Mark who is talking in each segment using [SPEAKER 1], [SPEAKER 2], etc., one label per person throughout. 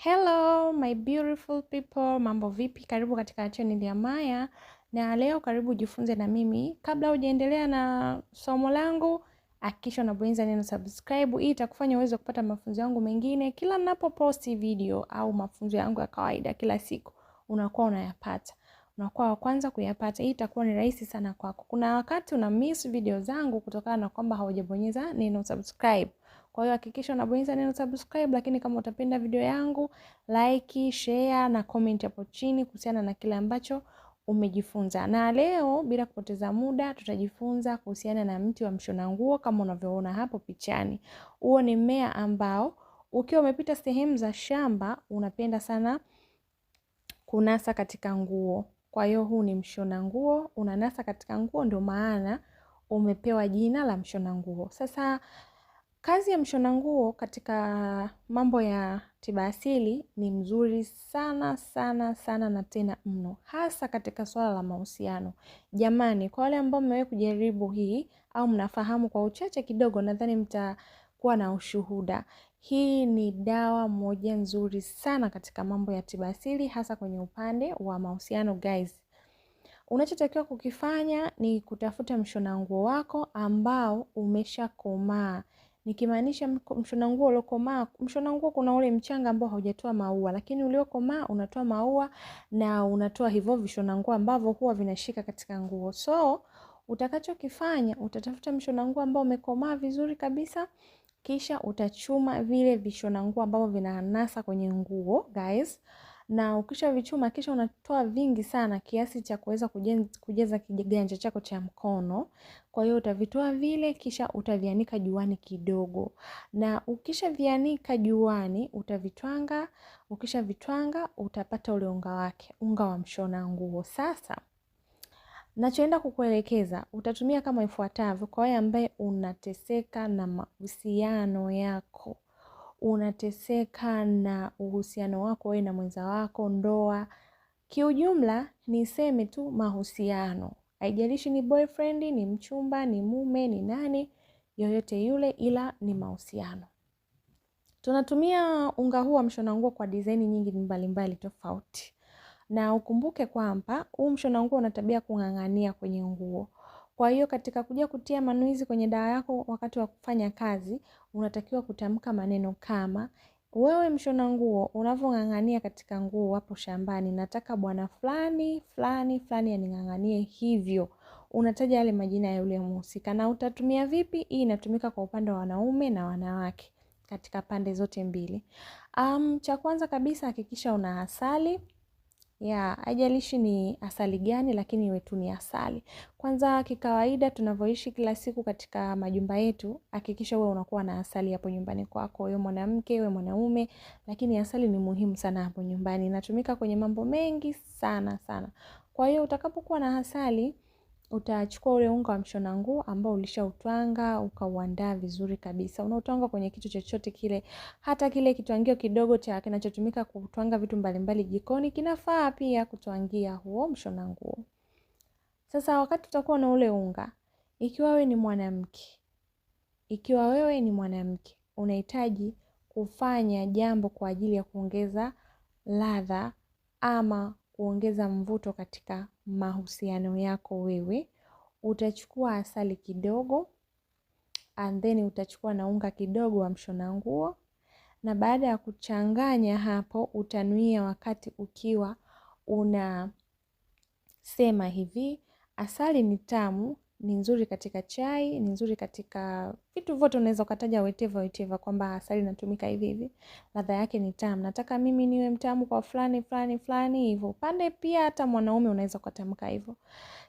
[SPEAKER 1] Hello my beautiful people, mambo vipi? Karibu katika channel ya Maya na leo, karibu ujifunze na mimi. Kabla hujaendelea na somo langu, hakikisha unabonyeza neno subscribe. Hii itakufanya uweze kupata mafunzo yangu mengine kila ninapoposti video au mafunzo yangu ya kawaida kila siku, unakuwa unayapata, unakuwa wa kwanza kuyapata. Hii itakuwa ni rahisi sana kwako. Kuna wakati una miss video zangu kutokana na kwamba haujabonyeza neno subscribe kwa hiyo hakikisha unabonyeza neno subscribe, lakini kama utapenda video yangu like, share na comment hapo chini kuhusiana na kile ambacho umejifunza. Na leo bila kupoteza muda, tutajifunza kuhusiana na mti wa mshona nguo kama unavyoona hapo pichani. Huo ni mmea ambao ukiwa umepita sehemu za shamba unapenda sana kunasa katika nguo. Kwa hiyo huu ni mshona nguo, unanasa katika nguo, ndio maana umepewa jina la mshona nguo. Sasa Kazi ya mshona nguo katika mambo ya tiba asili ni mzuri sana sana sana na tena mno, hasa katika swala la mahusiano. Jamani, kwa wale ambao mmewahi kujaribu hii au mnafahamu kwa uchache kidogo, nadhani mtakuwa na ushuhuda. Hii ni dawa moja nzuri sana katika mambo ya tiba asili, hasa kwenye upande wa mahusiano guys. Unachotakiwa kukifanya ni kutafuta mshona nguo wako ambao umeshakomaa, nikimaanisha mshona nguo uliokomaa. Mshona nguo kuna ule mchanga ambao haujatoa maua, lakini uliokomaa unatoa maua na unatoa hivyo vishona nguo ambavyo huwa vinashika katika nguo. So utakachokifanya utatafuta mshona nguo ambao umekomaa vizuri kabisa, kisha utachuma vile vishona nguo ambavyo vinanasa kwenye nguo guys na ukisha vichuma kisha unatoa vingi sana kiasi cha kuweza kujaza kiganja chako cha mkono. Kwa hiyo utavitoa vile, kisha utavianika juani kidogo, na ukisha vianika juani utavitwanga. Ukisha vitwanga utapata ule unga wake, unga wa mshona nguo. Sasa nachoenda kukuelekeza utatumia kama ifuatavyo, kwa wewe ambaye unateseka na mahusiano yako unateseka na uhusiano wako wewe na mwenza wako, ndoa kiujumla. Niseme tu mahusiano, haijalishi ni boyfriend, ni mchumba, ni mume, ni nani yoyote yule, ila ni mahusiano. Tunatumia unga huu wa mshona nguo kwa dizaini nyingi mbalimbali tofauti, na ukumbuke kwamba huu mshona nguo una tabia kung'ang'ania kwenye nguo. Kwa hiyo katika kuja kutia manuizi kwenye dawa yako wakati wa kufanya kazi, unatakiwa kutamka maneno kama wewe mshona nguo unavyong'ang'ania katika nguo hapo shambani, nataka bwana fulani fulani fulani aning'ang'anie hivyo. Unataja yale majina ya yule mhusika. Na utatumia vipi? Hii inatumika kwa upande wa wanaume na wanawake katika pande zote mbili. Um, cha kwanza kabisa hakikisha una asali Yeah, haijalishi ni asali gani lakini iwe tu ni asali. Kwanza kikawaida tunavyoishi kila siku katika majumba yetu, hakikisha wewe unakuwa na asali hapo nyumbani kwako, wewe mwanamke, wewe mwanaume, lakini asali ni muhimu sana hapo nyumbani. Inatumika kwenye mambo mengi sana sana. Kwa hiyo utakapokuwa na asali utachukua ule unga wa mshona nguo ambao ulishautwanga ukauandaa vizuri kabisa. Unautwanga kwenye kitu chochote kile, hata kile kitwangio kidogo cha kinachotumika kutwanga vitu mbalimbali jikoni kinafaa pia kutwangia huo mshona nguo. Sasa wakati utakuwa na ule unga, ikiwa wewe ni mwanamke, ikiwa wewe ni mwanamke unahitaji kufanya jambo kwa ajili ya kuongeza ladha ama kuongeza mvuto katika mahusiano yako wewe. Utachukua asali kidogo and then utachukua na unga kidogo wa mshona nguo, na baada ya kuchanganya hapo, utanuia wakati ukiwa unasema hivi, asali ni tamu ni nzuri katika chai, ni nzuri katika vitu vyote, unaweza ukataja weteva weteva kwamba asali inatumika hivi hivi, ladha yake ni tamu, nataka mimi niwe mtamu kwa fulani fulani fulani hivyo. Pande pia hata mwanaume unaweza ukatamka hivyo,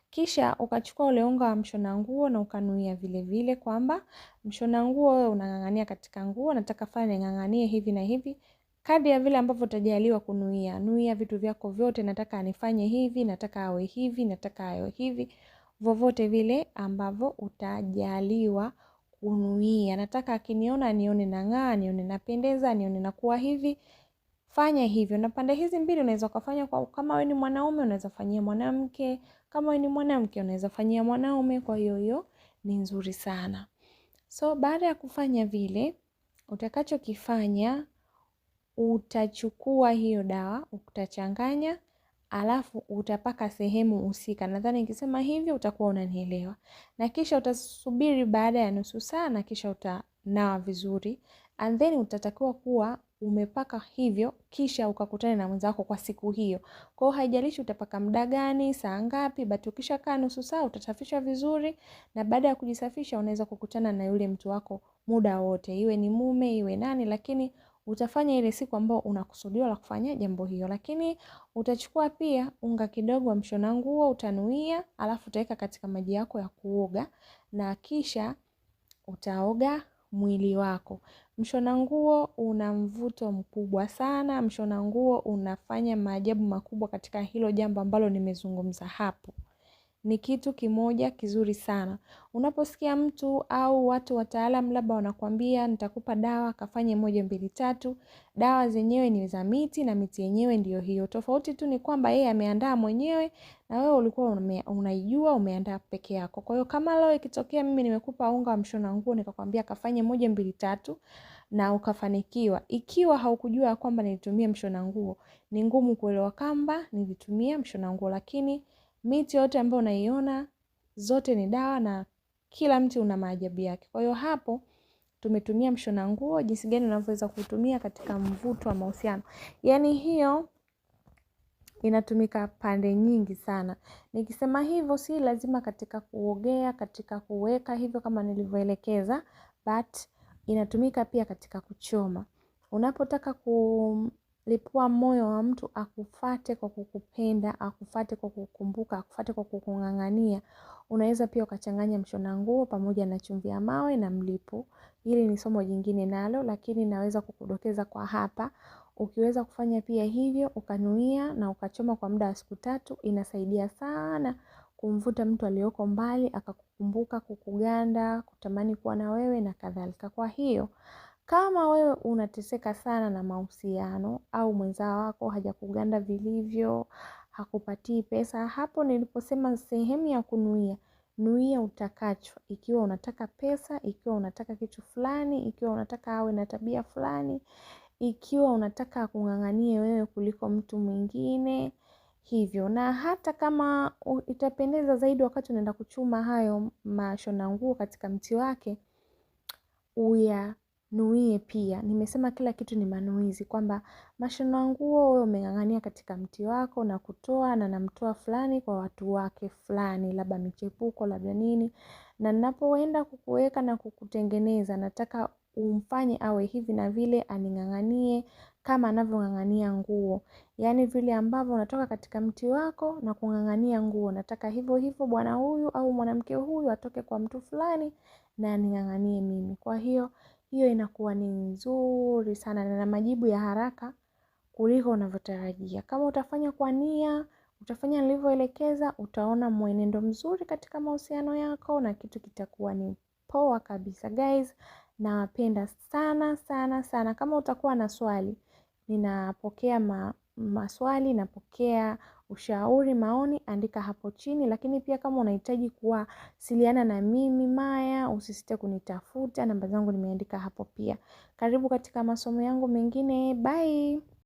[SPEAKER 1] kisha ukachukua ule unga wa mshona nguo na ukanuia vile vile kwamba mshona nguo wewe unang'ang'ania katika nguo, nataka fulani ning'ang'anie hivi na hivi kadi ya vile ambavyo utajaliwa kunuia. Nuia vitu vyako vyote, nataka anifanye hivi, nataka awe hivi, nataka awe hivi vovote vile ambavyo utajaliwa kunuia. Nataka akiniona nione nang'aa, nione napendeza, nione nakuwa hivi. Fanya hivyo, na pande hizi mbili unaweza ukafanya kwa, kama wewe ni mwanaume unaweza fanyia mwanamke, kama wewe ni mwanamke unaweza fanyia mwanaume. Kwa hiyo hiyo ni nzuri sana. So baada ya kufanya vile, utakachokifanya utachukua hiyo dawa utachanganya alafu utapaka sehemu husika. Nadhani nikisema hivyo utakuwa unanielewa, na kisha utasubiri baada ya nusu saa, na kisha utanawa vizuri, and then utatakiwa kuwa umepaka hivyo, kisha ukakutana na mwenzako kwa siku hiyo. Kwa hiyo haijalishi utapaka muda gani, saa ngapi, but ukisha kaa nusu saa utasafisha vizuri, na baada ya kujisafisha unaweza kukutana na yule mtu wako muda wote, iwe ni mume iwe nani, lakini utafanya ile siku ambao unakusudiwa la kufanya jambo hiyo. Lakini utachukua pia unga kidogo wa mshona nguo utanuia, alafu utaweka katika maji yako ya kuoga na kisha utaoga mwili wako. Mshona nguo una mvuto mkubwa sana. Mshona nguo unafanya maajabu makubwa katika hilo jambo ambalo nimezungumza hapo ni kitu kimoja kizuri sana. Unaposikia mtu au watu wataalam labda wanakwambia nitakupa dawa kafanye moja mbili tatu, dawa zenyewe ni za miti na miti yenyewe ndiyo hiyo. Tofauti tu ni kwamba yeye ameandaa mwenyewe na wewe ulikuwa ume, unaijua umeandaa peke yako. Kwa hiyo kama leo ikitokea mimi nimekupa unga wa mshona nguo nikakwambia kafanye moja mbili tatu na ukafanikiwa, ikiwa haukujua kwamba nilitumia mshona nguo, ni ngumu kuelewa kwamba nilitumia mshona nguo, lakini Miti yote ambayo unaiona zote ni dawa na kila mti una maajabu yake. Kwa hiyo hapo tumetumia mshona nguo, jinsi gani unavyoweza kutumia katika mvuto wa mahusiano. Yaani hiyo inatumika pande nyingi sana. Nikisema hivyo si lazima katika kuogea, katika kuweka hivyo kama nilivyoelekeza, but inatumika pia katika kuchoma. Unapotaka ku Lipua moyo wa mtu akufate kwa kukupenda, akufate kwa kukumbuka, akufate kwa kukung'ang'ania. Unaweza pia ukachanganya mshona nguo pamoja na chumvi ya mawe na mlipu. Hili ni somo jingine nalo, lakini naweza kukudokeza kwa hapa. Ukiweza kufanya pia hivyo, ukanuia na ukachoma kwa muda wa siku tatu, inasaidia sana kumvuta mtu aliyoko mbali, akakukumbuka, kukuganda, kutamani kuwa na wewe na kadhalika. Kwa hiyo kama wewe unateseka sana na mahusiano au mwenza wako hajakuganda vilivyo, hakupatii pesa, hapo niliposema sehemu ya kunuia, nuia utakacho. Ikiwa unataka pesa, ikiwa unataka kitu fulani, ikiwa unataka awe na tabia fulani, ikiwa unataka akung'ang'anie wewe kuliko mtu mwingine hivyo. Na hata kama itapendeza zaidi wakati unaenda kuchuma hayo mashona nguo katika mti wake uya nuie pia. Nimesema kila kitu ni manuizi, kwamba mashono ya nguo wewe umeng'ang'ania katika mti wako na kutoa na namtoa fulani kwa watu wake fulani, labda michepuko, labda nini, na ninapoenda kukuweka na kukutengeneza, nataka umfanye awe hivi na vile, aning'ang'anie kama anavyong'ang'ania nguo, yaani vile ambavyo unatoka katika mti wako na kung'ang'ania nguo, nataka hivyo hivyo bwana huyu au mwanamke huyu atoke kwa mtu fulani na aning'ang'anie mimi. Kwa hiyo hiyo inakuwa ni nzuri sana na majibu ya haraka kuliko unavyotarajia. Kama utafanya kwa nia, utafanya nilivyoelekeza, utaona mwenendo mzuri katika mahusiano yako na kitu kitakuwa ni poa kabisa. Guys, nawapenda sana sana sana. Kama utakuwa na swali, ninapokea ma maswali, napokea ushauri, maoni, andika hapo chini. Lakini pia kama unahitaji kuwasiliana na mimi Maya, usisite kunitafuta, namba zangu nimeandika hapo pia. Karibu katika masomo yangu mengine. Bye.